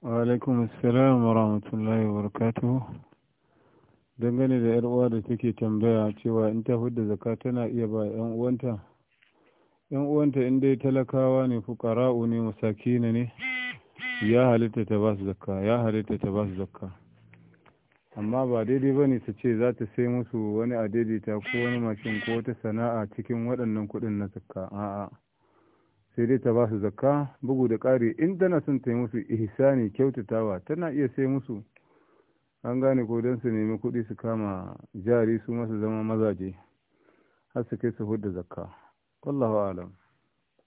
Wa'alaikun assalam wa rahmatullahi wa barakatuhu. Dangane da ‘yar uwa da take tambaya cewa in ta fidda zaka tana iya ba ‘yan uwanta? ‘Yan uwanta in dai talakawa ne, fukara'u ne, masakina ne, ya halitta ta ba su zakka, ya halitta ta ba su zakka. Amma ba daidai ba ne su ce za ta sai musu wani adaidaita ko wani mashin ko wata sana'a cikin waɗannan kuɗin na zakka, a'a. sai dai ta ba su zakka bugu da ƙari in tana son ta yi musu ihsani kyautatawa tana iya sai musu an gane ko don su nemi kuɗi su kama jari su masu zama mazaje har su kai su hudda zakka wallahu alam